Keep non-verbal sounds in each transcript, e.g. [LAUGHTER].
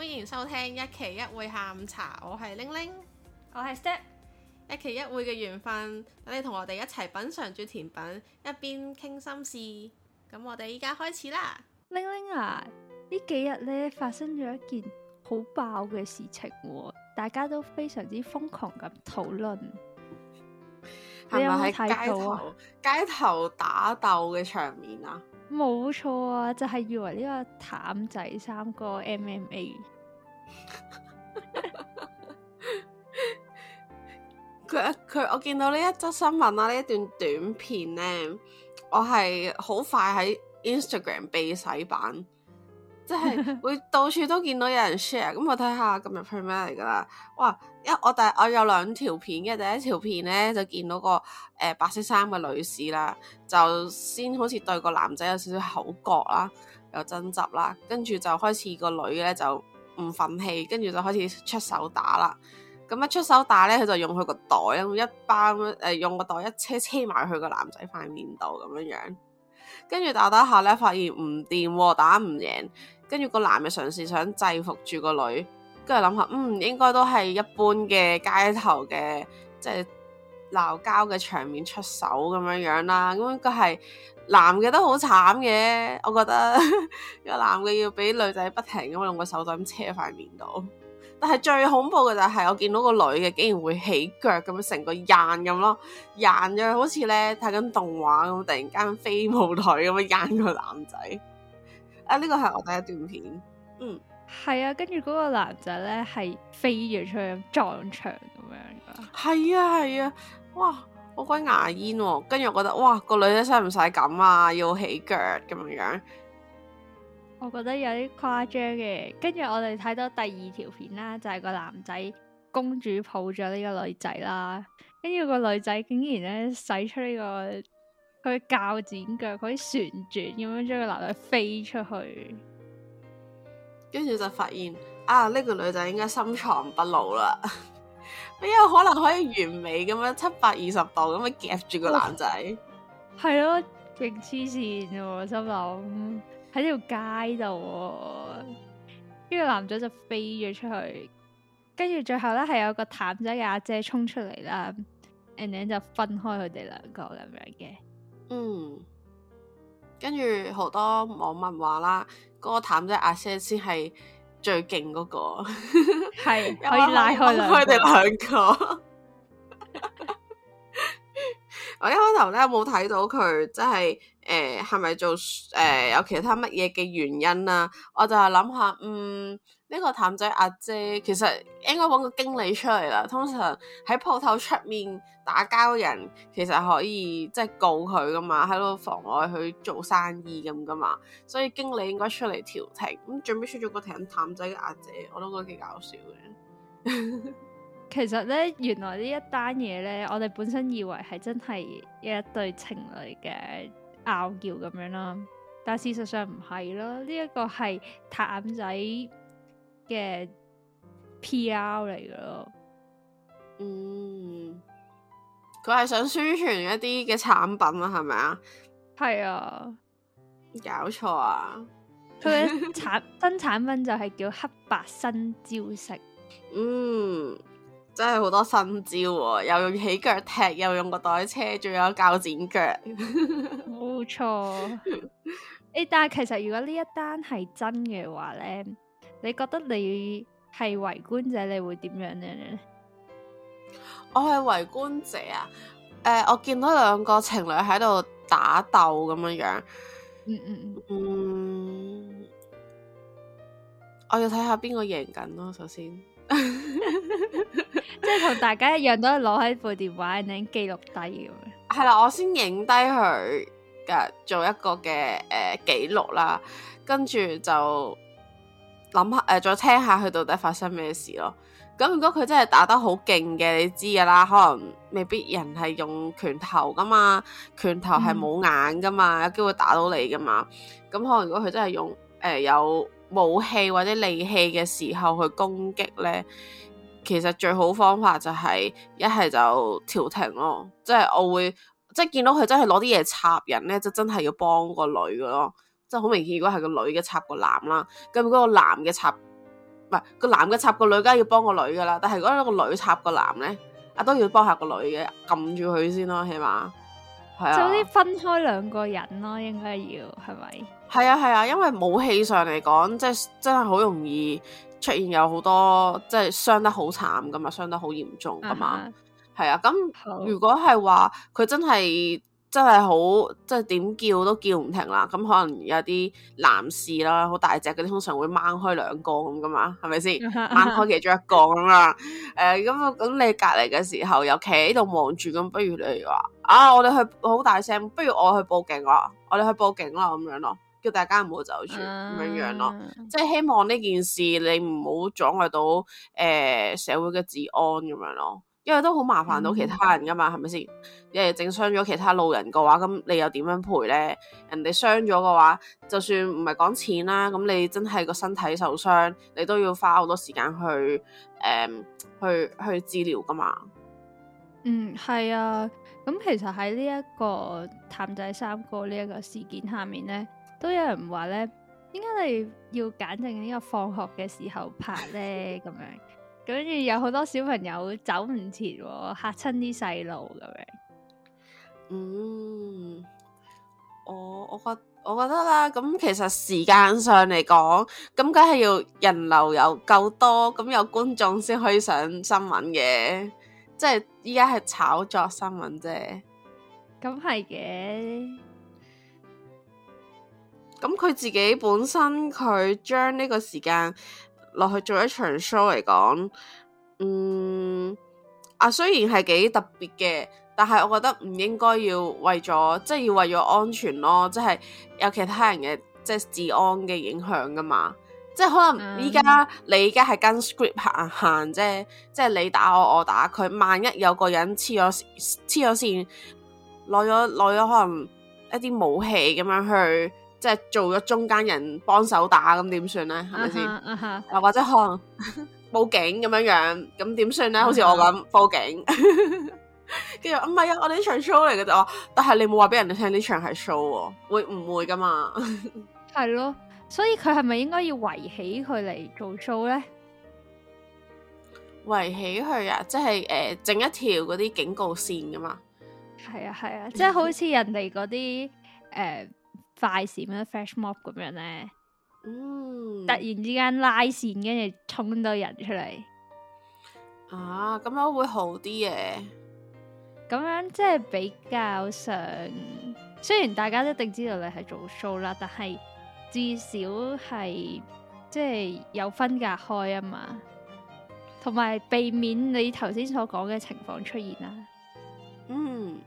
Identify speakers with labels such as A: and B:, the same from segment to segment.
A: 歡迎收聽一期一會下午茶，我係玲玲，我係 Step，一期一會嘅緣分，等你同我哋一齊品嘗住甜品，一邊傾心事。咁我哋依家開始啦，
B: 玲玲啊，呢幾日咧發生咗一件好爆嘅事情喎啊，大家都非常之瘋狂咁討論。
A: 你有冇睇到街頭街頭打鬥嘅場面啊？
B: 冇錯啊，就係、是、以為呢個譚仔三哥 MMA，
A: 佢佢我見到呢一則新聞啦，呢一段短片咧，我係好快喺 Instagram 被洗版。即係會到處都見到有人 share，咁我睇下今日 perman 嚟噶啦，哇！一我但我有兩條片嘅，一第一條片咧就見到個誒、呃、白色衫嘅女士啦，就先好似對個男仔有少少口角啦，有爭執啦，跟住就開始個女咧就唔憤氣，跟住就開始出手打啦。咁一出手打咧，佢就用佢個袋咁一包誒、呃，用個袋一車車埋去個男仔塊面度咁樣樣，跟住打打下咧，發現唔掂喎，打唔贏。跟住個男嘅嘗試想制服住個女，跟住諗下，嗯，應該都係一般嘅街頭嘅即係鬧交嘅場面出手咁樣樣啦。咁應該係男嘅都好慘嘅，我覺得個 [LAUGHS] 男嘅要俾女仔不停咁用個手袋咁黐塊面度。但係最恐怖嘅就係，我見到個女嘅竟然會起腳咁樣成個硬咁咯，硬咗好似咧睇緊動畫咁，突然間飛舞腿咁樣掗個男仔。啊！呢個係我第一段片，嗯，
B: 係啊，跟住嗰個男仔咧係飛躍出去撞牆咁樣噶，
A: 係啊係啊，哇，好鬼牙煙、啊，跟住我覺得哇，個女仔使唔使咁啊？要起腳咁樣樣，
B: 我覺得有啲誇張嘅。跟住我哋睇到第二條片啦，就係、是、個男仔公主抱咗呢個女仔啦，跟住個女仔竟然咧使出呢、這個。佢鉸剪腳，佢
A: 旋轉咁樣將個男仔飛
B: 出去，跟住就
A: 發現啊，呢、這個女仔應該深藏不露啦，邊 [LAUGHS] 有可能可以完美咁樣七百二十度咁樣夾住個男仔？係咯哇，勁黐
B: 線嘅，我心諗喺條街度，呢、這個男仔就飛咗出去，跟住最後咧係有個譚仔嘅阿姐衝出嚟啦，and then 就分開佢哋兩個咁樣嘅。
A: 嗯，跟住好多網民話啦，哥譚即係阿 Sa 先係最勁嗰、嗰個，係 [LAUGHS] 可以拉開佢哋兩個。 [LAUGHS] 我一開頭咧冇睇到佢，即係。誒，係咪、欸、做誒、欸、有其他乜嘢嘅原因啦、啊？我就係諗下，嗯，呢、這個譚仔阿姐其實應該搵個經理出嚟啦。通常喺鋪頭出面打交人，其實可以即係告佢噶嘛，喺度妨礙佢做生意咁噶嘛。所以經理應該出嚟調停。咁最尾出咗個題，譚仔嘅阿姐，我都覺得幾搞笑嘅。
B: [LAUGHS] 其實咧，原來呢一單嘢咧，我哋本身以為係真係有一對情侶嘅。鬧交咁樣啦，但係事實上唔係咯。呢一個係譚仔
A: 嘅 PR 嚟嘅咯。嗯，佢係想宣傳一啲嘅產品啊，係咪啊？係啊，搞錯啊！
B: 佢嘅
A: 產新產品就係叫黑
B: 白新招式。 [LAUGHS] 嗯，
A: 真係好多新招喎、啊，又用起腳踢，又用個袋車，仲有鉸剪腳。 [LAUGHS]
B: 冇錯，誒、欸，但係其實如果呢一單係真嘅話咧，你覺得你係圍觀者，你會點樣咧？我係圍
A: 觀者啊，誒、呃，我見到兩個情侶喺度打鬥咁樣樣，嗯嗯嗯，我要睇下邊個贏緊咯，首先， [LAUGHS] [LAUGHS] [LAUGHS] 即係同大家一樣 [LAUGHS] 都係攞喺
B: 部電話，你記錄低咁樣，
A: 係啦，我先影低佢。做一個嘅誒記錄啦，跟住就諗下誒，再聽下佢到底發生咩事咯。咁如果佢真係打得好勁嘅，你知噶啦，可能未必人係用拳頭㗎嘛，拳頭係冇眼㗎嘛，嗯、有機會打到你㗎嘛。咁可能如果佢真係用誒、呃、有武器或者利器嘅時候去攻擊呢，其實最好方法就係一係就調停咯，即係我會。即係見到佢真係攞啲嘢插人咧，就真係要幫個女嘅咯。即係好明顯，如果係個女嘅插個男啦，咁嗰個男嘅插唔係個男嘅插個女，梗係要幫個女噶啦。但係如果個女插個男咧，阿都要幫下個女嘅撳住佢先咯，起碼係啊。就啲
B: 分開兩個人咯，應該要係咪？
A: 係啊，係啊，因為武器上嚟講，即係真係好容易出現有好多，即係傷得好慘噶嘛，傷得好嚴重噶嘛。Uh huh. 係啊，咁如果係話佢真係真係好，即係點叫都叫唔停啦。咁可能有啲男士啦，好大隻嗰啲，通常會掹開兩個咁噶嘛，係咪先掹開其中一個啦？誒、 [LAUGHS] 呃，咁咁你隔籬嘅時候又企喺度望住，咁不如你話啊，我哋去好大聲，不如我去報警啦，我哋去報警啦，咁樣咯，叫大家唔好走住咁樣樣咯，即係 [LAUGHS] 希望呢件事你唔好阻礙到誒、呃、社會嘅治安咁樣咯。因為都好麻煩到其他人噶嘛，係咪先？因為誒，整傷咗其他路人嘅話，咁你又點樣賠咧？人哋傷咗嘅話，就算唔係講錢啦，咁你真係個身體受傷，你都要花好多時間去誒，去去治療噶嘛。嗯，
B: 係、嗯、啊。咁其實喺呢一個譚仔三哥呢一個事件下面咧，都有人話咧，點解你要揀正呢個放學嘅時候拍咧？咁 [LAUGHS] 樣。跟住有好多小朋友走唔切，哦，嚇親啲細路咁樣。
A: 嗯，我我覺我覺得啦，咁其實時間上嚟講，咁梗係要人流又夠多，咁有觀眾先可以上新聞嘅。即係依家係炒作新聞啫。咁係嘅。咁佢自己本身，佢將呢個時間落去做一場 show 嚟講，嗯啊，雖然係幾特別嘅，但係我覺得唔應該要為咗即係要為咗安全咯，即係有其他人嘅即係治安嘅影響㗎嘛。即係可能依家、嗯、你而家係跟 script 行行啫，即係你打我，我打佢。萬一有個人黐咗黐咗線，攞咗攞咗可能一啲武器咁樣去。即係做咗中間人幫手打，咁點算咧？係咪先？
B: 又或者可
A: 能報警咁樣樣，咁點算咧？好似我咁報警，跟住唔係啊！我哋呢場 show 嚟嘅啫，但係你冇話俾人哋聽呢場係 show，會唔會噶嘛？
B: 係咯，所以佢係咪應該要圍起佢嚟做 show
A: 咧？圍起佢啊，即係誒整一條嗰啲警告線噶嘛？
B: 係啊係啊，即係好似人哋嗰啲誒。快閃啊！Flash mob 咁樣咧，嗯，突然之間拉線，跟住衝到人出嚟。
A: 啊，咁樣會好啲
B: 嘅。咁樣即係比較上，雖然大家一定知道你係做 show 啦，但係至少係即係有分隔開啊嘛，同埋避免你頭先所講嘅情況出現啦、嗯、
A: 啊。嗯，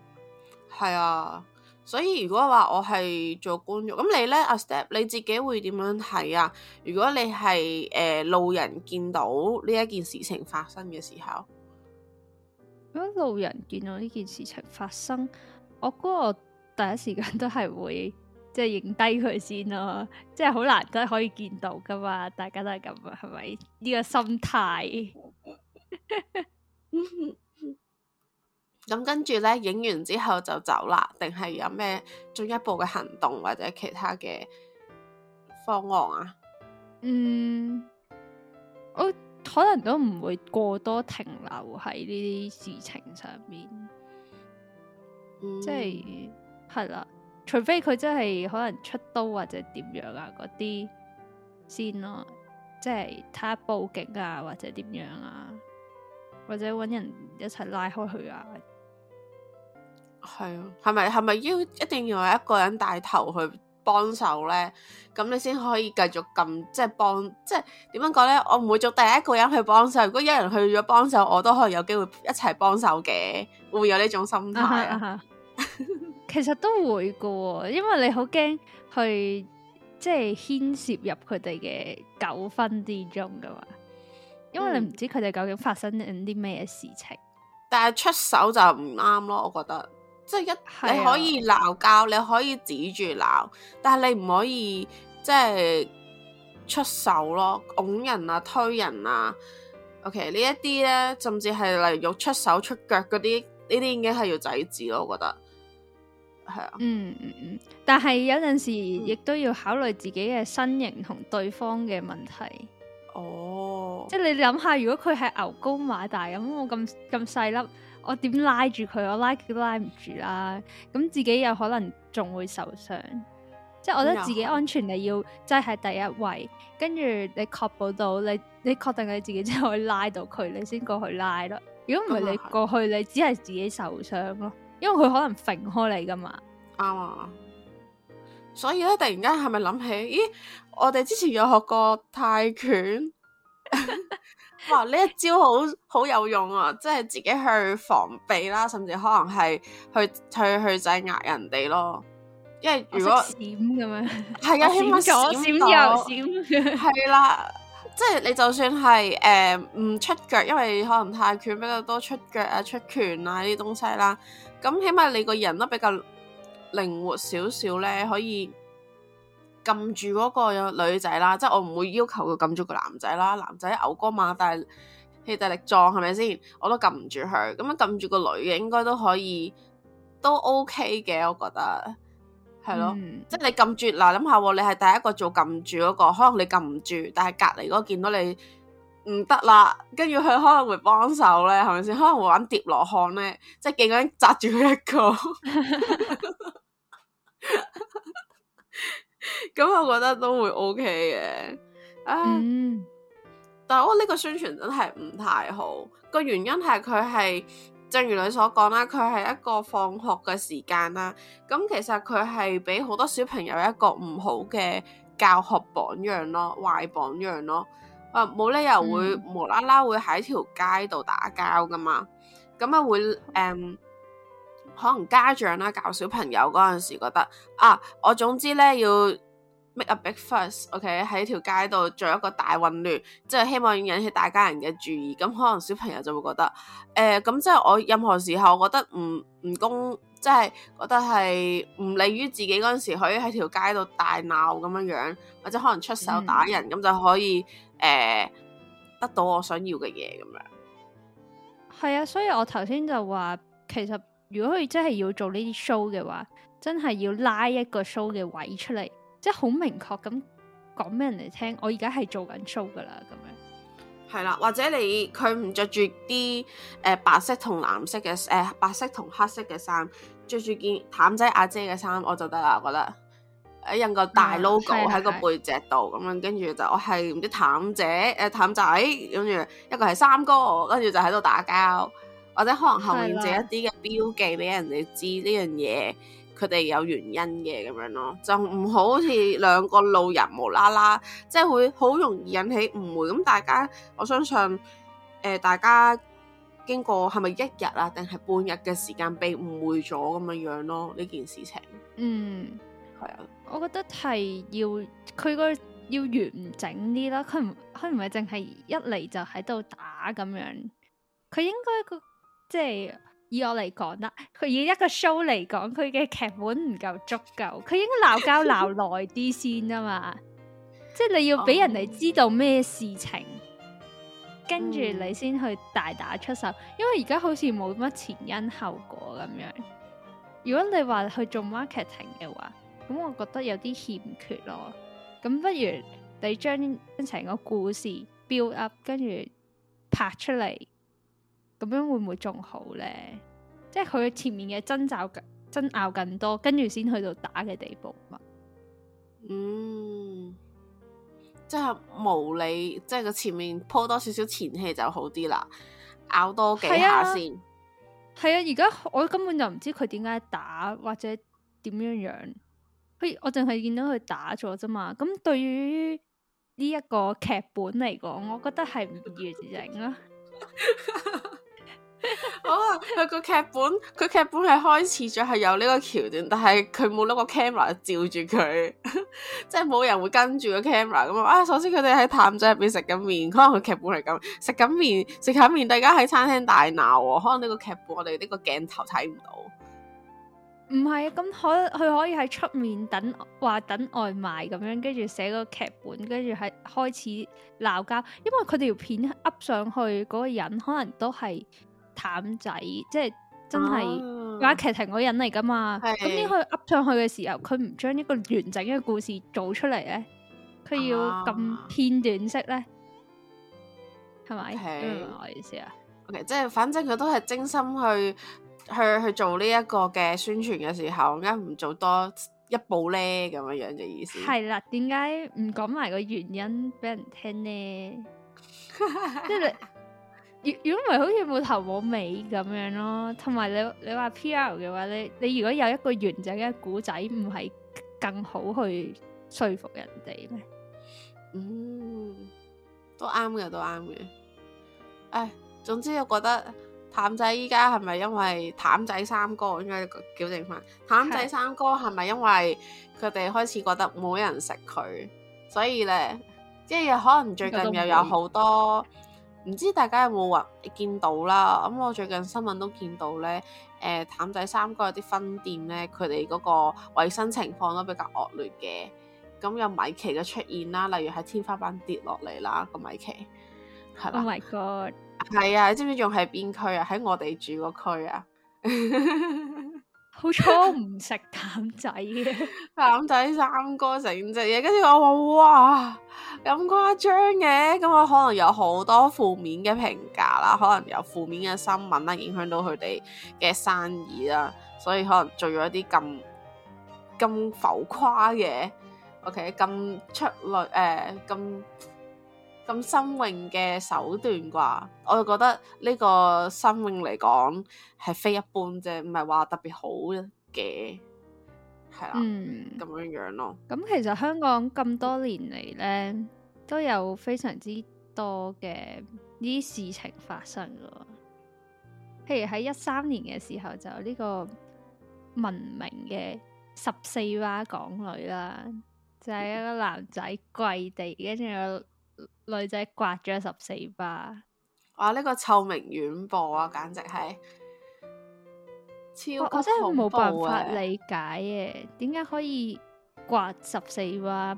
A: 係啊。所以如果話我係做觀眾，咁你咧阿 Step，你自己會點樣睇啊？如果你係誒、呃、路人見到呢一件事情發生嘅時候，如果路
B: 人見到呢件事情發生，我嗰個第一時間都係會即係影低佢先咯，即係好難得可以見到噶嘛，大家都係咁啊，係咪
A: 呢個心態？ [LAUGHS] 咁跟住咧，影完之後就走啦，定係有咩進一步嘅行動或者其他嘅方案啊？嗯，
B: 我可能都唔會過多停留喺呢啲事情上面，嗯、即係係啦，除非佢真係可能出刀或者點樣啊嗰啲先咯，即係睇下報警啊或者點樣啊，或者搵人一齊拉開佢啊。
A: 係啊，係咪係咪要一定要有一個人帶頭去幫手咧？咁你先可以繼續咁即係幫即係點樣講咧？我唔會做第一個人去幫手，如果有人去咗幫手，我都可能有機會一齊幫手嘅。會唔會有呢種心態啊？啊
B: [LAUGHS] 其實都會嘅，因為你好驚去即係牽涉入佢哋嘅糾紛之中噶
A: 嘛，因為你唔
B: 知佢哋究竟發生緊啲咩事情，嗯嗯，
A: 但係出手就唔啱咯，我覺得。即係一，你可以鬧交，你可以指住鬧，但係你唔可以即係出手咯，拱人啊、推人啊，OK 呢一啲咧，甚至係例如出手出腳嗰啲，呢啲已經係要制止咯，我覺得係啊，嗯嗯嗯，但係有陣
B: 時亦、嗯、都要考慮自己嘅身形同對方嘅問題哦，即係你諗下，如果佢係牛高馬大咁，我咁咁細粒。我點拉住佢？我拉佢都拉唔住啦。咁自己有可能仲會受傷，即係我覺得自己安全你要即係是第一位。跟住你確保到你，你確定你自己真係可以拉到佢，你先過去拉咯。如果唔係你過去，是你只係自
A: 己受傷咯。因為佢可能甩開你噶嘛。啱啊。所以咧，突然間係咪諗起？咦，我哋之前有學過泰拳。 [LAUGHS] 哇！呢一招好好有用啊，即係自己去防備啦，甚至可能係去去去制壓人哋咯。因為如果閃
B: 咁樣，係啊，起碼左閃右閃，
A: 係 [LAUGHS] 啦。即係你就算係誒唔出腳，因為可能泰拳比較多出腳啊、出拳啊呢啲東西啦。咁起碼你個人都比較靈活少少咧，可以。撳住嗰個女仔啦，即係我唔會要求佢撳住個男仔啦。男仔牛高馬大，但氣大力壯，係咪先？我都撳唔住佢，咁樣撳住個女嘅應該都可以，都 OK 嘅，我覺得係咯。嗯、即係你撳住嗱，諗下你係第一個做撳住嗰、嗰個，可能你撳唔住，但係隔離嗰個見到你唔得啦，跟住佢可能會幫手咧，係咪先？可能會玩疊羅漢咧，即係勁緊紮住佢一個。 [LAUGHS] [LAUGHS] 咁我覺得都會 OK 嘅，啊，嗯、但係我呢個宣傳真係唔太好，個原因係佢係，正如你所講啦，佢係一個放學嘅時間啦，咁其實佢係俾好多小朋友一個唔好嘅教學榜樣咯，壞榜樣咯，啊，冇理由會、嗯、無啦啦會喺條街度打交噶嘛，咁啊會，嗯。可能家長啦，教小朋友嗰陣時覺得啊，我總之咧要 make a big fuss，OK，喺條街度做一個大混亂，即係希望引起大家人嘅注意。咁、嗯、可能小朋友就會覺得，誒咁即係我任何時候覺得唔唔公，即、就、係、是、覺得係唔利於自己嗰陣時可以喺條街度大鬧咁樣樣，或者可能出手打人咁、嗯、就可以誒、呃、得到我想要嘅嘢咁樣。
B: 係啊，所以我頭先就話其實。如果佢真係要做呢啲 show 嘅話，真係要拉一個 show 嘅位出嚟，即係好明確咁講俾人哋聽，我而家係做緊 show 噶啦，咁樣
A: 係啦。或者你佢唔着住啲誒白色同藍色嘅誒、呃、白色同黑色嘅衫，着住件譚仔阿姐嘅衫我就得啦，我覺得喺印個大 logo 喺、嗯、個背脊度咁樣，跟住就我係唔知譚仔誒、呃、譚仔，跟住一個係三哥，跟住就喺度打交。或者可能後面借一啲嘅標記俾人哋知呢樣嘢，佢哋的有原因嘅咁樣咯，就唔好似兩個路人無啦啦，即係會好容易引起誤會。咁大家我相信，誒、呃、大家經過係咪一日啊，定係半日嘅時間被誤會咗咁樣樣咯？呢件事情，嗯，係啊
B: 的，我覺得係要佢個要完整啲啦。佢唔佢唔係淨係一嚟就喺度打咁樣，佢應該個。即係以我嚟講啦，佢以一個 show 嚟講，佢嘅劇本唔夠足夠，佢應該鬧交鬧耐啲先啊嘛！ [LAUGHS] 即係你要俾人哋知道咩事情，跟住、oh. 你先去大打出手。Mm. 因為而家好似冇乜前因後果咁樣。如果你話去做 marketing 嘅話，咁我覺得有啲欠缺咯。咁不如你將成個故事 build up，跟住拍出嚟。咁樣會唔會仲好咧？即係佢前面嘅爭拗更爭拗更多，跟住先去到打嘅地步嘛。嗯，
A: 即係無理，即係佢前面鋪多少少前戲就好啲啦，拗多幾下先。係啊，而
B: 家、啊、我根本就唔知佢點解打或者點樣樣。譬如我淨係見到佢打咗啫嘛。咁對於呢一個劇本嚟講，我覺得係唔完整啊。 [LAUGHS]
A: [LAUGHS] 哦，佢個劇本，佢劇 [LAUGHS] 本係開始咗，係有呢個橋段，但係佢冇攞個 camera 照住佢， [LAUGHS] 即係冇人會跟住個 camera 咁啊。首先佢哋喺譚仔入邊食緊麵，可能佢劇本係咁食緊麵食緊麵，大家喺餐廳大鬧，可能呢個劇本我哋呢個鏡頭睇唔到。
B: 唔係啊，咁可佢可以喺出面等，話等外賣咁樣，跟住寫個劇本，跟住係開始鬧交，因為佢條片 up 上去嗰個人可能都係。譚仔，即係真係，話、啊、劇情嗰人嚟噶嘛？咁點可 Up 上去嘅時候，佢唔將一個完整嘅故事做出嚟咧？佢要咁片段式咧？係咪？嗯，我意思啊
A: ，OK，即係反正佢都係精心去去去做呢一個嘅宣傳嘅時候，點解唔做多一步咧？咁樣樣嘅意思係啦？
B: 點解唔講埋個原因俾人聽咧？即係。 [LAUGHS] [LAUGHS] 如果唔係好似冇頭冇尾咁樣咯、啊，同埋你你話 PR 嘅話，你你如果有一個完整嘅故仔，唔係更好去說服人哋咩？嗯，
A: 都啱嘅，都啱嘅。唉，總之我覺得譚仔依家係咪因為譚仔三哥應該矯正翻？譚仔三哥係咪因為佢哋開始覺得冇人食佢，是的 所以咧，即係可能最近沒有又有好多。唔知大家有冇話見到啦？咁、嗯、我最近新聞都見到咧，誒、呃、譚仔三哥有啲分店咧，佢哋嗰個衞生情況都比較惡劣嘅。咁、嗯、有米奇嘅出現啦，例如喺天花板跌落嚟啦，個米奇係啦。Oh my god！係啊，你知唔知仲喺邊區啊？喺我哋住個區啊！ [LAUGHS] 好彩唔食譚仔嘅，譚 [LAUGHS] 仔三哥成隻嘢，跟住我話哇～咁誇張嘅，咁、嗯、我可能有好多負面嘅評價啦，可能有負面嘅新聞啦，影響到佢哋嘅生意啦，所以可能做咗啲咁咁浮誇嘅，OK，咁出類誒咁咁新穎嘅手段啩，我就覺得呢個新穎嚟講係非一般啫，唔係話特別好嘅。係啦，咁、嗯、樣樣咯。
B: 咁其實香港咁多年嚟呢，都有非常之多嘅呢啲事情發生噶。譬如喺一三年嘅時候，就呢個文明嘅十四巴港女啦，就係、是、一個男仔跪地，跟住個女仔刮咗十
A: 四巴。哇！呢、這個臭名遠播啊，簡直係～
B: 哦、我真係冇辦法理解嘅，點解 [MUSIC] 可以刮十四、就是、巴？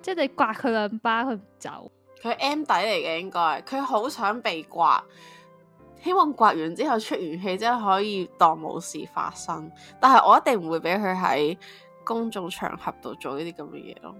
B: 即係你刮佢兩巴佢唔走，佢
A: M 底嚟嘅應該，佢好想被刮，希望刮完之後出完氣，真係可以當冇事發生。但係我一定唔會俾佢喺公眾場合度做呢啲咁嘅嘢咯。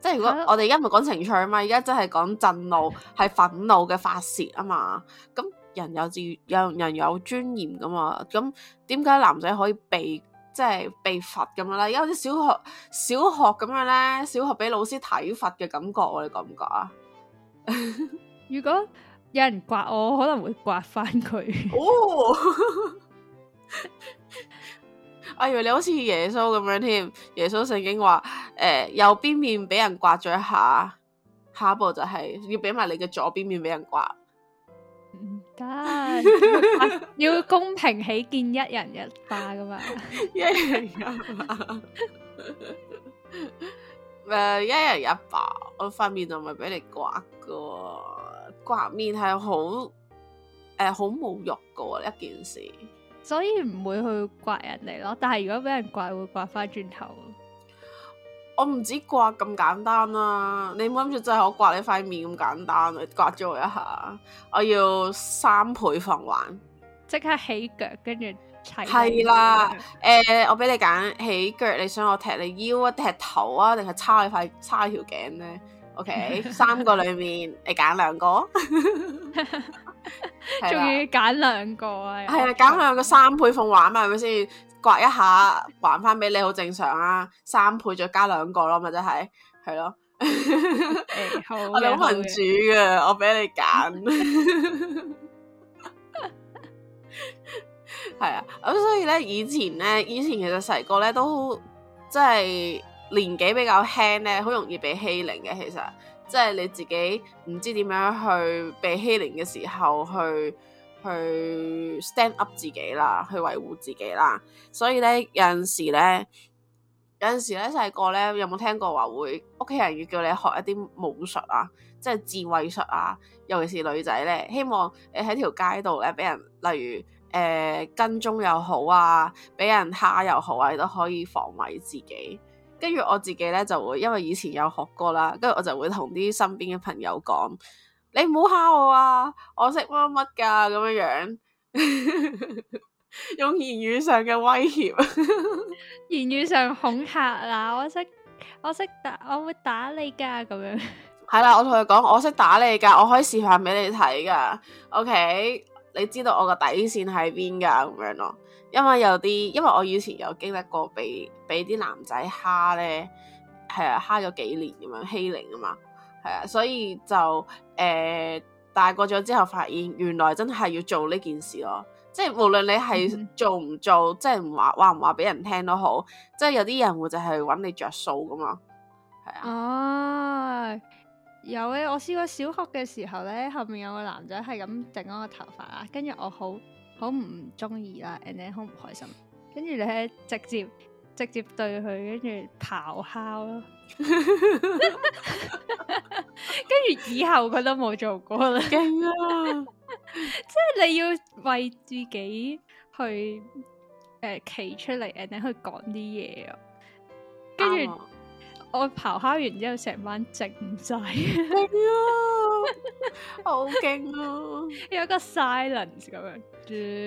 A: 即、就、係、是、如果我哋而家唔係講情趣啊嘛，而家真係講震怒，係憤 [LAUGHS] 怒嘅發泄啊嘛，咁。人有自有人有尊嚴噶嘛？咁點解男仔可以被即係被罰咁樣咧？有啲小學小學咁樣咧，小學俾老師體罰嘅感覺，你覺唔覺啊？ [LAUGHS] 如果有人刮我，我可能會刮翻佢。哦，我以為，你好似耶穌咁樣添。耶穌聖經話：誒、呃，右邊面俾人刮咗一下，下一步就係要俾埋你嘅左邊面俾人刮。唔得，要公平起見，一人一巴噶嘛， [LAUGHS] 一人一巴，誒、 [LAUGHS] uh,，一人一巴，我塊面就唔係俾你刮噶，刮面係好誒，好、呃、侮辱噶一件事，所
B: 以唔會去刮人哋咯。但係如果俾人刮，會刮翻轉頭。
A: 我唔止刮咁簡單啦、啊，你冇諗住真係我刮你塊面咁簡單啊！刮咗我一下，我要三倍奉還，即刻起腳，跟住係啦。誒、嗯欸，我俾你揀起腳，你想我踢你腰啊，踢頭啊，定係叉你塊叉你條頸咧？OK， [LAUGHS] 三個裏面你揀兩個，仲 [LAUGHS] [LAUGHS] 要揀
B: 兩個啊？係啦啊，揀
A: 兩對 Okay. 個三倍奉還嘛，係咪先？刮一下還翻俾你好正常啊，三倍再加兩個、就係、咯，咪真係係咯。 [LAUGHS] 我哋好民主嘅，我俾你揀。係 [LAUGHS] 啊， [LAUGHS] 咁所以咧，以前咧，以前其實細個咧都即係年紀比較輕咧，好容易被欺凌嘅。其實即係你自己唔知點樣去被欺凌嘅時候去。去 stand up 自己啦，去維護自己啦。所以咧，有陣時咧，有陣時咧細個咧，有冇聽過話會屋企人要叫你學一啲武術啊，即係智慧術啊？尤其是女仔咧，希望你喺條街度咧俾人，例如誒、呃、跟蹤又好啊，俾人蝦又好啊，你都可以防衛自己。跟住我自己咧就會，因為以前有學過啦，跟住我就會同啲身邊嘅朋友講。你唔好蝦我啊！我識乜乜噶咁樣樣， [LAUGHS] 用言語上嘅威脅， [LAUGHS] 言語上恐嚇啊！我識
B: 我識打，我會打你噶咁、啊、樣。
A: 係啦，我同佢講，我識打你噶，我可以示範俾你睇噶。OK，你知道我個底線喺邊噶咁樣咯？因為有啲，因為我以前有經歷過俾俾啲男仔蝦咧，係啊，蝦咗幾年咁樣欺凌啊嘛，係啊，所以就。誒，大個咗之後發現，原來真係要做呢件事咯，即係無論你係做唔做，嗯、即係唔話話唔話俾人聽都好，即係有啲人會就係揾你着數噶嘛，
B: 係啊。哦，有咧，我試過小學嘅時候咧，後面有個男仔係咁整我個頭髮啊，跟住我好好唔中意，啦，and then 好唔開心，跟住你係直接直接對佢跟住咆哮咯。跟住 [LAUGHS] 以後佢都冇做過啦，勁啊！ [LAUGHS] 即係你要為自己去誒企、呃、出嚟，and then 去講啲嘢啊！跟住我咆哮完之後成班靜仔，勁啊，好勁啊！啊 [LAUGHS] 有一個 silence 咁樣，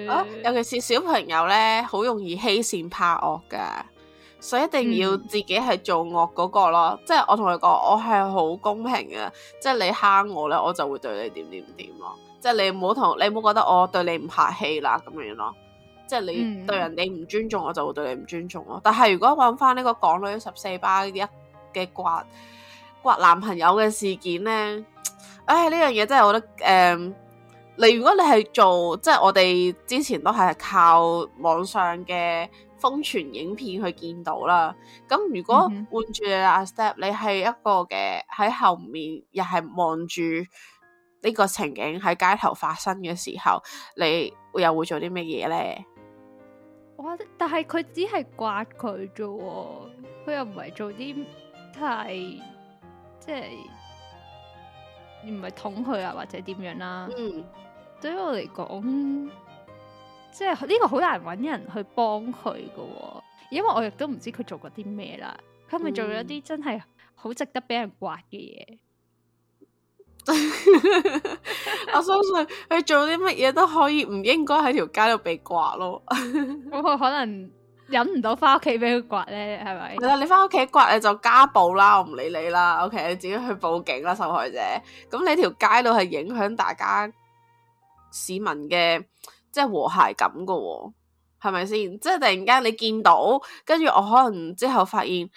A: 啊，尤其是小朋友咧，好容易欺善怕惡噶。所以一定要自己係做惡嗰個咯，嗯、即係我同佢講，我係好公平嘅，即係你蝦我咧，我就會對你點點點咯，即係你唔好同你唔好覺得我對你唔客氣啦咁樣樣咯，即係你對人哋唔尊重，我就會對你唔尊重咯、啊。嗯、但係如果搵返呢個港女十四班一嘅刮刮男朋友嘅事件咧，唉，呢樣嘢真係我覺得，誒、呃，你如果你係做，即係我哋之前都係靠網上嘅。封存影片去見到啦。咁如果換住阿 Step 你係一個嘅喺後面，又係望住呢個情景喺街頭發生嘅時候，你又會做啲咩嘢咧？
B: 我覺得，但係佢只係刮佢啫，佢又唔係做啲太即係，你唔係捅佢啊，或者點樣啦、啊？嗯，對於我嚟講。即係呢個好難搵人去幫佢噶喎，因為我亦都唔知佢做過啲咩啦。佢係咪做咗啲真係好值得俾人刮嘅嘢？
A: 我相信佢做啲乜嘢都可以唔應該喺條街度被刮咯。
B: 咁我可能忍唔到翻屋企俾佢刮咧，係咪？唔
A: [LAUGHS] 你翻屋企刮你就家暴啦，我唔理你啦。OK，你自己去報警啦，受害者。咁你條街度係影響大家市民嘅。即係和諧感噶、哦，係咪先？即係突然間你見到，跟住我可能之後發現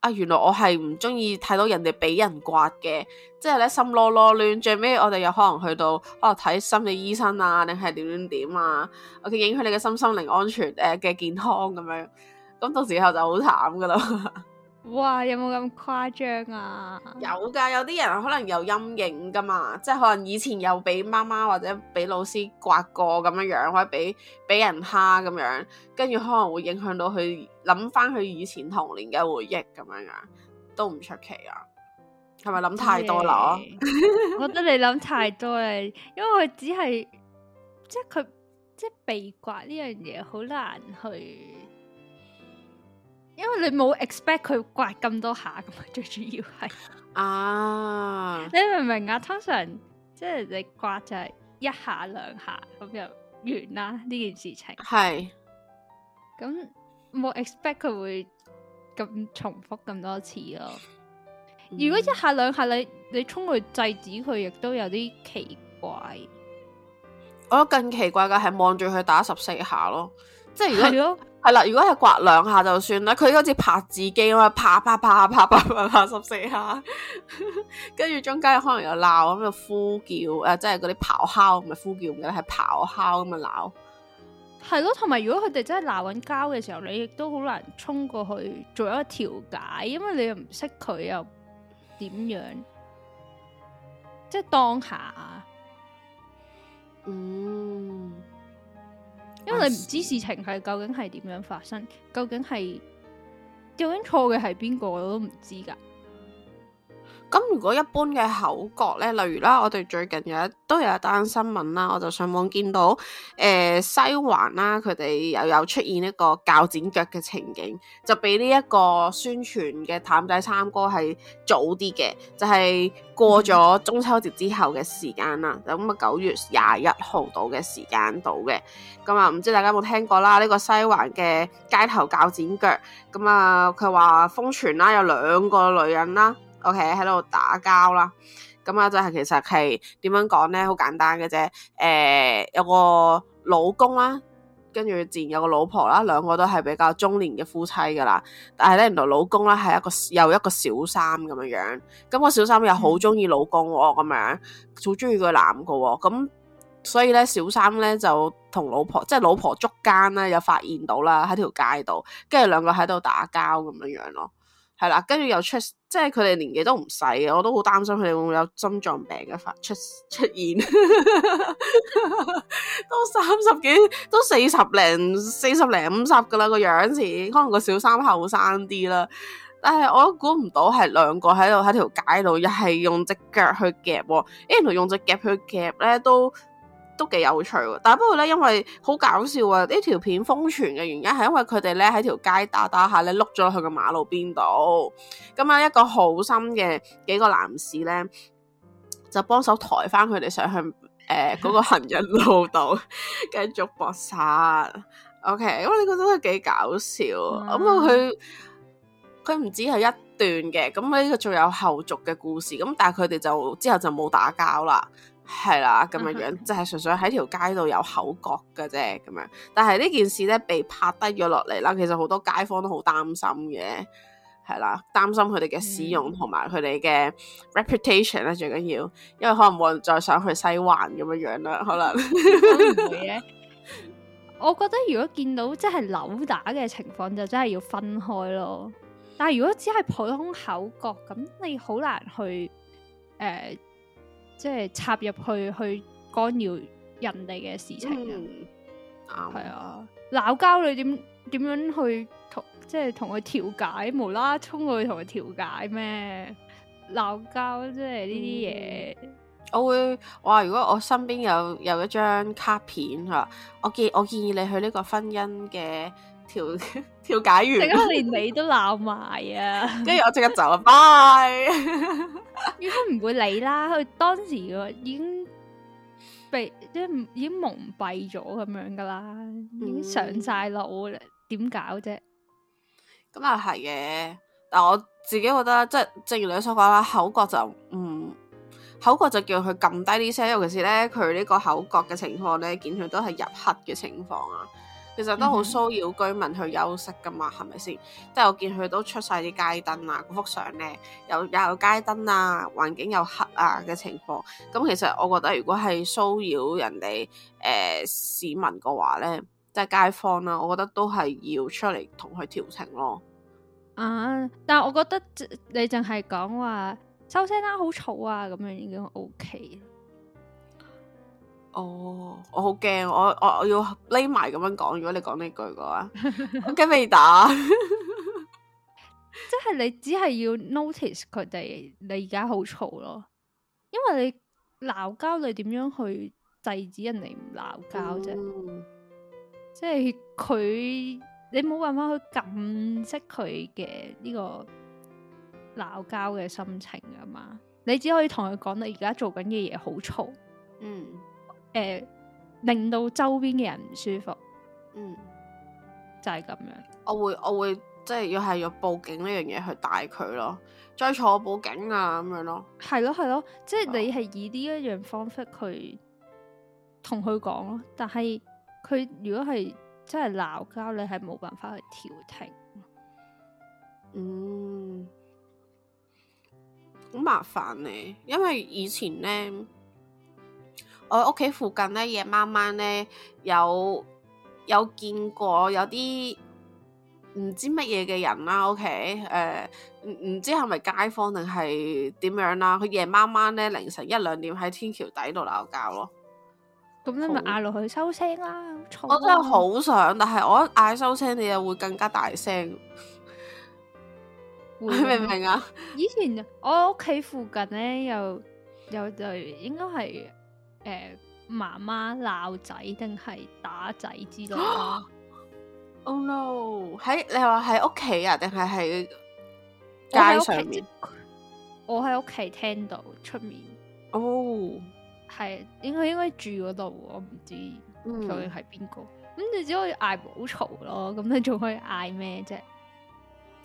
A: 啊，原來我係唔中意睇到人哋俾人刮嘅，即係咧心囉囉亂，最尾我哋又可能去到可能睇心理醫生啊，定係點點點啊，佢影響你嘅心心靈安全誒嘅、呃、健康咁樣，咁到時候就好慘噶啦。哇！有冇咁誇張啊？有㗎，有啲人可能有陰影㗎嘛，即係可能以前有俾媽媽或者俾老師刮過咁樣樣，或者俾俾人蝦咁樣，跟住可能會影響到佢諗返佢以前童年嘅回憶咁樣樣，都唔出奇啊！係咪諗太多啦？的 [LAUGHS] 我覺得你諗太多
B: 啦，因為佢只係 [LAUGHS] 即係佢即係被刮呢樣嘢，好難去。因為你冇 expect 佢刮咁多下噶嘛，最主要係啊， [LAUGHS] 你明唔明啊？通常即係、就是、你刮就係一下兩下咁就完啦呢件事情。係咁冇是 expect 佢會咁重複咁多次咯。嗯、如果一下兩下你你衝去制止佢，亦都有啲奇
A: 怪。我覺得更奇怪嘅係望住佢打十四下咯。即係如果係啦的，如果係刮兩下就算啦。佢好似拍自己咁樣，啪啪啪啪啪啪啪十四下，跟 [LAUGHS] 住中間可能又鬧咁就呼叫誒、呃，即係嗰啲咆哮唔係呼叫唔記得，係咆哮咁啊鬧。係咯，同埋如果佢
B: 哋真係鬧緊交嘅時候，你亦都好難衝過去做一個調解，因為你又唔識佢又點樣，即係當下，
A: 嗯。
B: 因為你唔知事情係究竟係點樣發生，究竟係究竟錯嘅係邊個，我都唔知㗎。
A: 咁如果一般嘅口角咧，例如啦，我哋最近有都有一單新聞啦，我就上網見到誒、呃、西環啦，佢哋又有出現一個鉸剪腳嘅情景，就比呢一個宣傳嘅譚仔三哥係早啲嘅，就係、是、過咗中秋節之後嘅時間啦，咁啊九月廿一號到嘅時間到嘅咁啊，唔知大家有冇聽過啦？呢、這個西環嘅街頭鉸剪腳咁啊，佢話瘋傳啦，有兩個女人啦。O.K. 喺度打交啦，咁、嗯、啊就係、是、其實係點樣講咧？好簡單嘅啫，誒、呃、有個老公啦，跟住自然有個老婆啦，兩個都係比較中年嘅夫妻噶啦。但係咧，原來老公咧係一個又一個小三咁樣樣，咁、嗯、個小三又好中意老公喎，咁樣好中意個男個喎，咁、嗯、所以咧小三咧就同老婆即係、就是、老婆捉奸啦，又發現到啦喺條街度，跟住兩個喺度打交咁樣樣咯。係啦，跟住又出，即係佢哋年紀都唔細嘅，我都好擔心佢哋會唔會有心臟病嘅發出出現。 [LAUGHS] 都三十幾，都四十零、四十零五十噶啦個樣子，可能個小三後生啲啦，但係我都估唔到係兩個喺度喺條街度，又係用隻腳去夾，跟住用隻夾去夾咧都都幾有趣，但係不過咧，因為好搞笑啊！呢 [LAUGHS] 條片瘋傳嘅原因係因為佢哋咧喺條街打打下咧碌咗去個馬路邊度，咁啊一個好心嘅幾個男士咧就幫手抬翻佢哋上去誒嗰、呃個行人路度繼續搏殺。OK，我你覺得都係幾搞笑，咁啊佢佢唔止係一段嘅，咁呢個仲有後續嘅故事，咁但係佢哋就之後就冇打交啦。係啦，咁樣樣、uh huh. 即係純粹喺條街度有口角嘅啫，咁樣。但係呢件事咧被拍低咗落嚟啦，其實好多街坊都好擔心嘅。係啦，擔心佢哋嘅使用同埋佢哋嘅 reputation 咧，uh huh. re ation，最緊要，因為可能冇人再想去西環咁樣樣啦。可能 [LAUGHS] 我唔會
B: 嘅。我覺得如果見到即係扭打嘅情況，就真係要分開咯。但係如果只係普通口角，咁你好難去誒。呃即係插入去去干擾人哋嘅事情啊，係啊、嗯，鬧交的你點點樣去同即係同佢調解？無啦啦衝過去同佢調解咩？鬧交即係呢啲嘢，
A: 我會話如果我身邊有有一張卡片，佢我建我建議你去呢個婚姻嘅。調調 [LAUGHS] 解完，大家連你都鬧埋啊！跟住我即刻走啊拜！
B: 應該唔會理啦，佢當時已經被即係已經蒙蔽咗咁樣噶啦，已經上晒腦啦，點、嗯、搞啫？
A: 咁啊係嘅，但我自己覺得即係正如你所講啦，口角就嗯口角就叫佢撳低啲聲，尤其是咧佢呢個口角嘅情況咧，見佢都係入黑嘅情況啊！其實都好騷擾居民去休息噶嘛，係咪先？即係、就是、我見佢都出晒啲街燈啊，嗰幅相咧有又有街燈啊，環境又黑啊嘅情況。咁、嗯、其實我覺得，如果係騷擾人哋誒、呃、市民嘅話咧，即、就、係、是、街坊啦，我覺得都係要出嚟同佢調情咯。
B: 啊！但係我覺得你淨係講話收聲啦，好吵啊，咁樣已經 OK。
A: 哦、oh,，我好驚，我我我要匿埋咁樣講。如果你講呢句嘅話，咁
B: 驚未打？即係你只係要 notice 佢哋，你而家好嘈咯。因為你鬧交，你點樣去制止人哋唔鬧交啫？Mm. 即係佢，你冇辦法去撳熄佢嘅呢個鬧交嘅心情㗎嘛。你只可以同佢講，你而家做緊嘅嘢好嘈，嗯。誒、呃，令到周邊嘅人唔舒服，
A: 嗯，就係咁樣我。我會我會即係要係要報警呢樣嘢，去帶佢咯，再坐我報警啊咁樣咯。係咯係咯，即係你係以呢一樣方式去
B: 同佢講咯。但係佢如果係真係鬧交，你係冇辦法去調停。嗯，好
A: 麻煩咧，因為以前咧。嗯我屋企附近咧，夜晚晚咧有有見過有啲唔知乜嘢嘅人啦、啊。屋企誒，唔唔知係咪街坊定係點樣啦、啊？佢夜晚晚咧，凌晨一兩點喺天橋底度鬧交咯。咁你咪嗌落去收聲啦、啊！啊、我真係好想，但係我一嗌收聲，你又會更加大聲。你 [LAUGHS] 會 明唔明啊？
B: 以前我屋企附近咧，有有就應該係。誒，媽媽鬧仔定係打仔之類？
A: 哦，no！喺你話喺屋企啊，定係喺
B: 街上面？
A: 我喺屋企
B: 聽到，出面
A: 哦，
B: 係、oh. 應該應該住嗰度，我唔知究竟係邊個。咁、mm. 嗯、你只可以嗌好嘈咯，咁你仲可以嗌咩啫？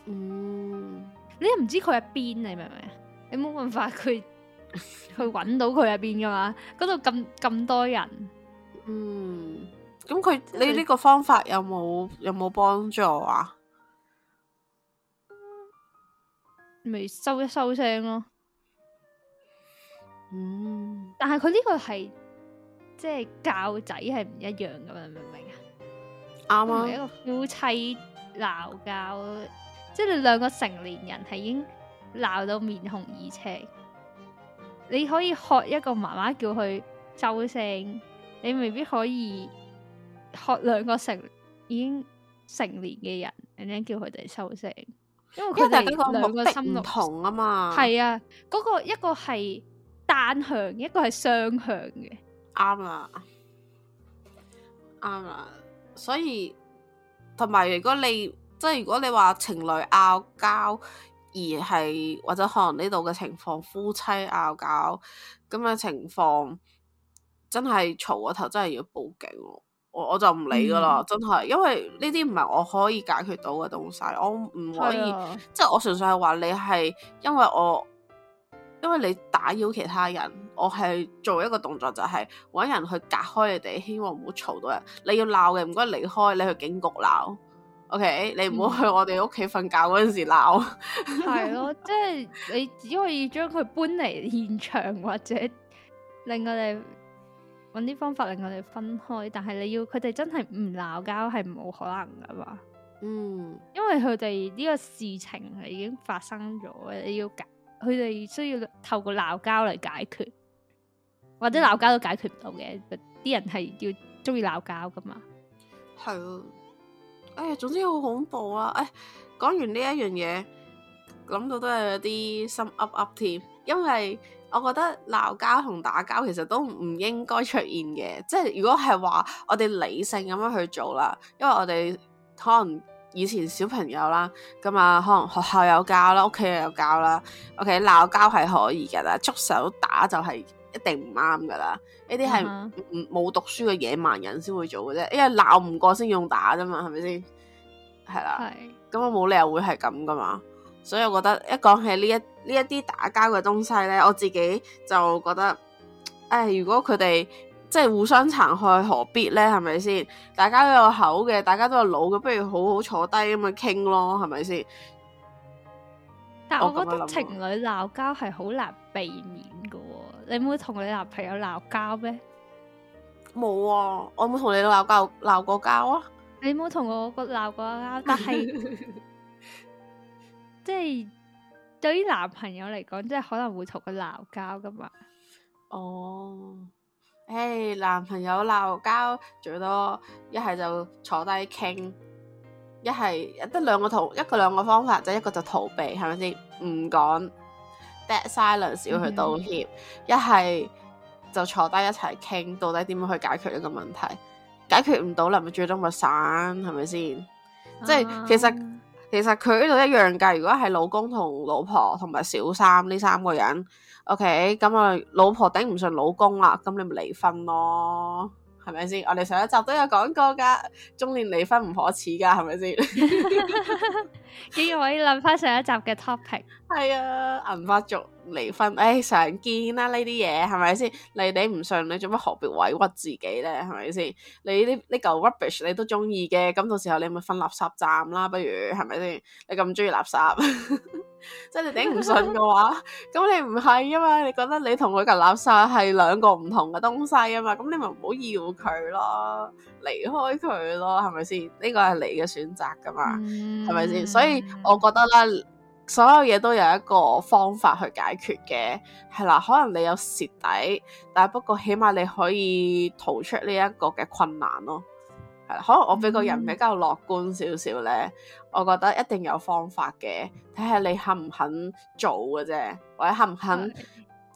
B: 嗯、mm.，你又唔知佢喺邊，你明唔明啊？你冇辦法佢。 [LAUGHS] 去揾到佢入邊噶嘛？嗰度咁
A: 咁多人，嗯，咁佢他你呢個方法有冇有冇幫他助啊？咪
B: 收一收聲咯。嗯，但係佢呢個係即係教仔係唔一樣噶嘛？明唔明啊？
A: 啱啊、嗯！一個
B: 夫妻鬧交，即、就、係、是、你兩個成年人係已經鬧到面紅耳赤。你可以學一個媽媽叫佢收聲，你未必可以學兩個成已經成年嘅人，然後叫佢哋收聲，因為佢哋兩個目的唔同啊
A: 嘛。係啊，嗰、
B: 嗰個一個係單向，一個係雙向嘅，
A: 啱啊，啱啊。所以同埋，如果你即係、就是、如果你話情侶拗交。而係或者可能呢度嘅情況，夫妻拗撬咁嘅情況，真係嘈個頭，真係要報警。哦，我我就唔理㗎喇，嗯、真係，因為呢啲唔係我可以解決到嘅東西，我唔可以，啊、即係我純粹係話你係因為我因為你打擾其他人，我係做一個動作就係揾人去隔開你哋，希望唔好嘈到人。你要鬧嘅唔該離開，你去警局鬧。OK，你唔好去我哋屋企瞓覺嗰陣時鬧了。
B: 係咯，即係你只可以將佢搬嚟現場，或者令我哋搵啲方法令我哋分開。但係你要佢哋真係唔鬧交係冇可能噶嘛？嗯，因為佢哋呢個事情係已經發生咗，你要解，佢哋需要透過鬧交嚟解決，或者鬧交都解決唔到嘅，啲人係要中意鬧交噶嘛？係啊。
A: 誒、哎，總之好恐怖啊！誒、哎，講完呢一樣嘢，諗到都係有啲心噏噏添，因為我覺得鬧交同打交其實都唔應該出現嘅，即係如果係話我哋理性咁樣去做啦，因為我哋可能以前小朋友啦，咁啊，可能學校有教啦，屋企有教啦，ok 鬧交係可以㗎啦，束手打就係、是。一定唔啱噶啦！呢啲係冇讀書嘅野蠻人先會做嘅啫，uh huh. 因為鬧唔過先用打啫嘛，係咪先？係啦，咁我冇理由會係咁噶嘛。所以我覺得一講起呢一呢一啲打交嘅東西咧，我自己就覺得，誒，如果佢哋即係互相殘害，何必呢？係咪先？大家都有口嘅，大家都有腦嘅，不如好好坐低咁樣傾咯，係咪先？
B: 但我覺得情侶鬧交係好難避免。你冇同你男朋友鬧交咩？
A: 冇啊！我冇同你鬧交。鬧過交啊？
B: 你冇同我個鬧過交，但係即係對於男朋友嚟講，即係可能會同佢鬧交噶嘛？哦，
A: 誒，男朋友鬧交最多一係就坐低傾，一係得兩個逃一個兩個方法，就一個就逃避，係咪先？唔講。b a silence 要去道歉，一係、mm hmm. 就坐低一齊傾，到底點樣去解決呢個問題？解決唔到，你咪、mm hmm. 最終咪散，係咪先？Mm hmm. 即係其實其實佢呢度一樣噶。如果係老公同老婆同埋小三呢三個人，OK，咁、嗯、啊老婆頂唔順老公啦，咁你咪離婚咯。係咪先？我哋上一集都有講過噶，中年離婚唔可恥噶，係咪先？竟 [LAUGHS] [LAUGHS] 然可以諗翻上一集嘅 topic，係啊，銀髮族離婚，哎，常見啦呢啲嘢，係咪先？你頂唔順，你做乜何必委屈自己咧？係咪先？你呢呢嚿 rubbish 你都中意嘅，咁到時候你咪分垃圾站啦，不如係咪先？你咁中意垃圾。 [LAUGHS] [LAUGHS] 即係你頂唔順嘅話，咁 [LAUGHS] 你唔係啊嘛？你覺得你同佢嚿垃圾係兩個唔同嘅東西啊嘛？咁你咪唔好要佢咯，離開佢咯，係咪先？呢個係你嘅選擇噶嘛？係咪先？所以我覺得咧，所有嘢都有一個方法去解決嘅，係啦。可能你有蝕底，但係不過起碼你可以逃出呢一個嘅困難咯。可能我俾個人比較樂觀少少咧，mm hmm. 我覺得一定有方法嘅，睇下你肯唔肯做嘅啫，或者肯唔肯，係啊。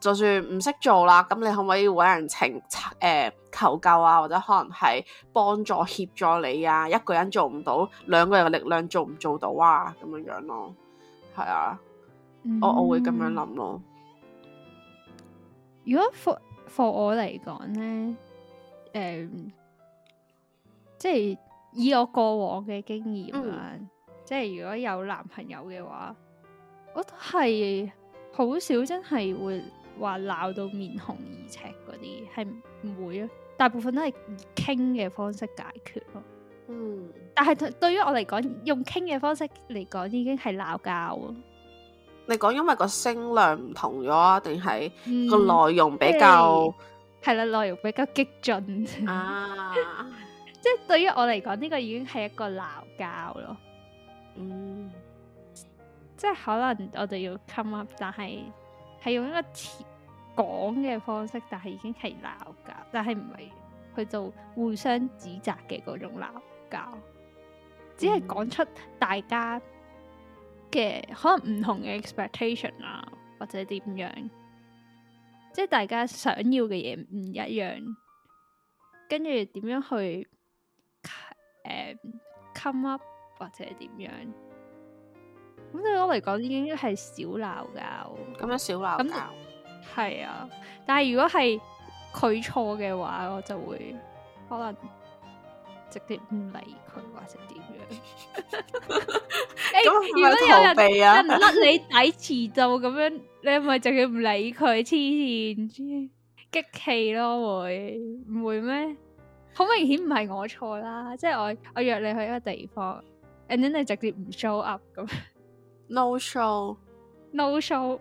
A: 就算唔識做啦，咁你可唔可以揾人請誒、呃、求救啊？或者可能係幫助協助你啊？一個人做唔到，兩個人嘅力量做唔做到啊？咁樣樣咯，係啊，我、mm
B: hmm. 哦、我會咁樣諗咯。如果 for for 我嚟講咧，誒、um。即係以我過往嘅經驗，即係如果有男朋友嘅話，我都係好少真係會話鬧到面紅耳赤嗰啲，係唔會啊。大部分都係以傾嘅方式解決咯。嗯，但係對於我嚟講，用傾嘅方式嚟講，已經係鬧交。
A: 你講因為個聲量唔同咗啊，定係個內容比較？
B: 係啦，內容比較激進啊。即係對於我嚟講，呢個已經係一個鬧交咯。嗯，即係可能我哋要 come up，但係係用一個講嘅方式，但係已經係鬧交，但係唔係去做互相指責嘅嗰種鬧交，只係講出大家嘅可能唔同嘅 expectation 啊，或者點樣，即係大家想要嘅嘢唔一樣，跟住點樣去。誒、um,，come up 或者點樣？咁對我嚟講，已經係小鬧交。咁樣小鬧交，係啊。但係如果係佢錯嘅話，我就會可能直接唔理佢或者點樣。咁、 [LAUGHS] [LAUGHS] 欸、 [LAUGHS] 如果有人甩你底遲到咁樣，你係咪就要唔理佢？黐線激氣咯，會唔會咩？好明顯唔係我錯啦，即係我我約你去一個地方，and then 你直接唔 show up 咁 [LAUGHS] ，no show，no show，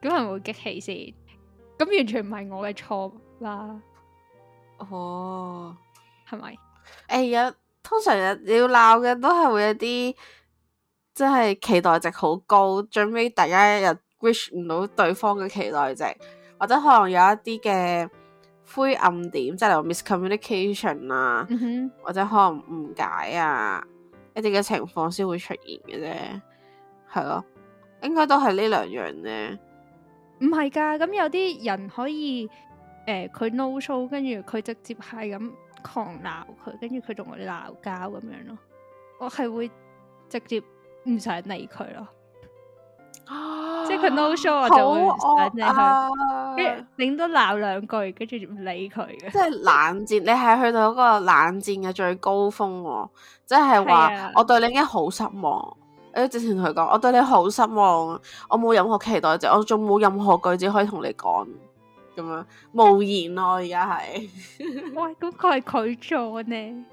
B: 咁係咪會激氣先？咁完全唔係我嘅錯
A: 啦。哦，係咪？哎有，通常要鬧嘅都係會有啲，即係期待值好高，最尾大家又 wish 唔到對方嘅期待值，或者可能有一啲嘅。灰暗點，即係個 miscommunication 啊，嗯、哼或者可能誤解啊，一啲嘅情況先會出現嘅啫，係咯，應該都係呢兩樣咧。
B: 唔係噶，咁有啲人可以，誒、呃，佢 no show，跟住佢直接係咁狂鬧佢，跟住佢同我哋鬧交咁樣咯。我係會直接唔想理佢咯。即係佢 no show，我就會冷戰佢，跟住頂多鬧兩句，跟住唔理佢。
A: 嘅。即係冷戰，你係去到嗰個冷戰嘅最高峰、哦，即係話、啊、我對你已經好失望。誒，之前同佢講，我對你好失望，我冇任何期待，即我仲冇任何句子可以同你講，咁樣無言咯、啊。而家係，
B: [LAUGHS] [LAUGHS] 喂，咁佢係佢做嘅，呢？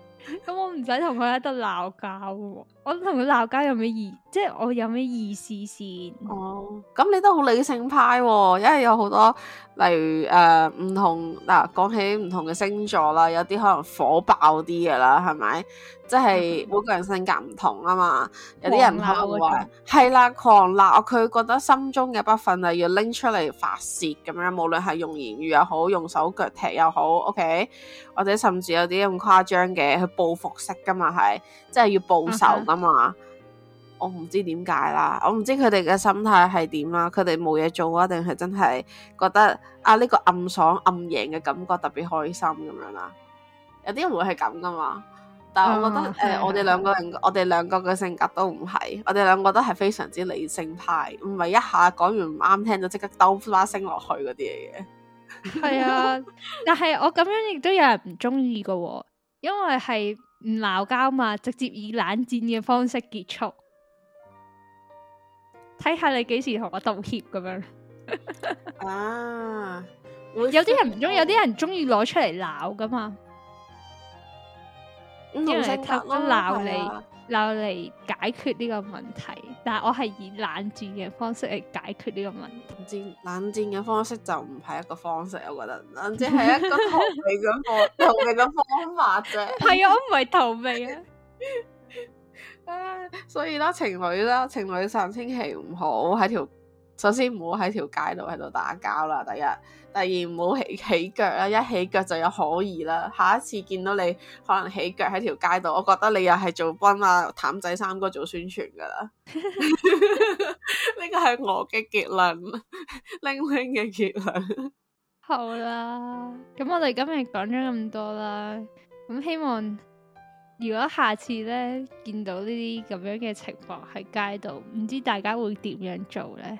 B: 咁我唔使同佢喺度鬧交喎。我同佢鬧交有咩意？即係我有咩意思先？
A: 哦，咁你都好理性派喎、哦，因為有好多例如誒唔、呃、同嗱，講、啊、起唔同嘅星座啦，有啲可能火爆啲嘅啦，係咪？即係 [LAUGHS] 每個人性格唔同啊嘛，
B: 有啲人係話
A: 係啦，狂鬧佢覺得心中嘅不忿啊，要拎出嚟發洩咁樣，無論係用言語又好，用手腳踢又好，OK，或者甚至有啲咁誇張嘅，去報復式噶嘛，係，即係要報仇咁。 [LAUGHS] 嘛，我唔知點解啦，我唔知佢哋嘅心態係點啦，佢哋冇嘢做啊，定係真係覺得啊呢、呢個暗爽暗贏嘅感覺特別開心咁樣啦、啊，有啲人會係咁噶嘛，
B: 但係我覺得誒、啊啊呃，我哋兩個人，
A: 我哋兩個嘅性格都唔係，我哋兩個都係非常之理性派，唔係一下講完唔啱聽就即刻兜翻升落去嗰啲嘢，
B: 係 [LAUGHS] 啊，但係我咁樣亦都有人唔中意噶，因為係。唔鬧交嘛，直接以冷戰嘅方式結束，睇下你幾時同我道歉咁樣。
A: [LAUGHS]
B: 啊，有啲人唔中意，有啲人中意攞出嚟鬧噶嘛，因為偷鬧你。攞嚟解決呢個問題，但係我係以冷戰嘅方
A: 式嚟解決呢個問題。冷戰，冷戰嘅方式就唔係一個方式，我覺得冷戰係一個逃避嘅方
B: 逃避嘅方法啫。係啊，我唔係逃避啊。唉，
A: 所以啦，情侶啦，情侶上天氣唔好喺條。首先唔好喺條街度喺度打交啦，第一，第二唔好起起腳啦，一起腳就有可疑啦。下一次見到你可能起腳喺條街度，我覺得你又係做崩啊譚仔三哥做宣傳噶啦，呢個係我嘅結論，拎拎嘅結論。
B: 好啦，咁我哋今日講咗咁多啦，咁希望如果下次咧見到呢啲咁樣嘅情況喺街度，唔知大家會點樣做咧？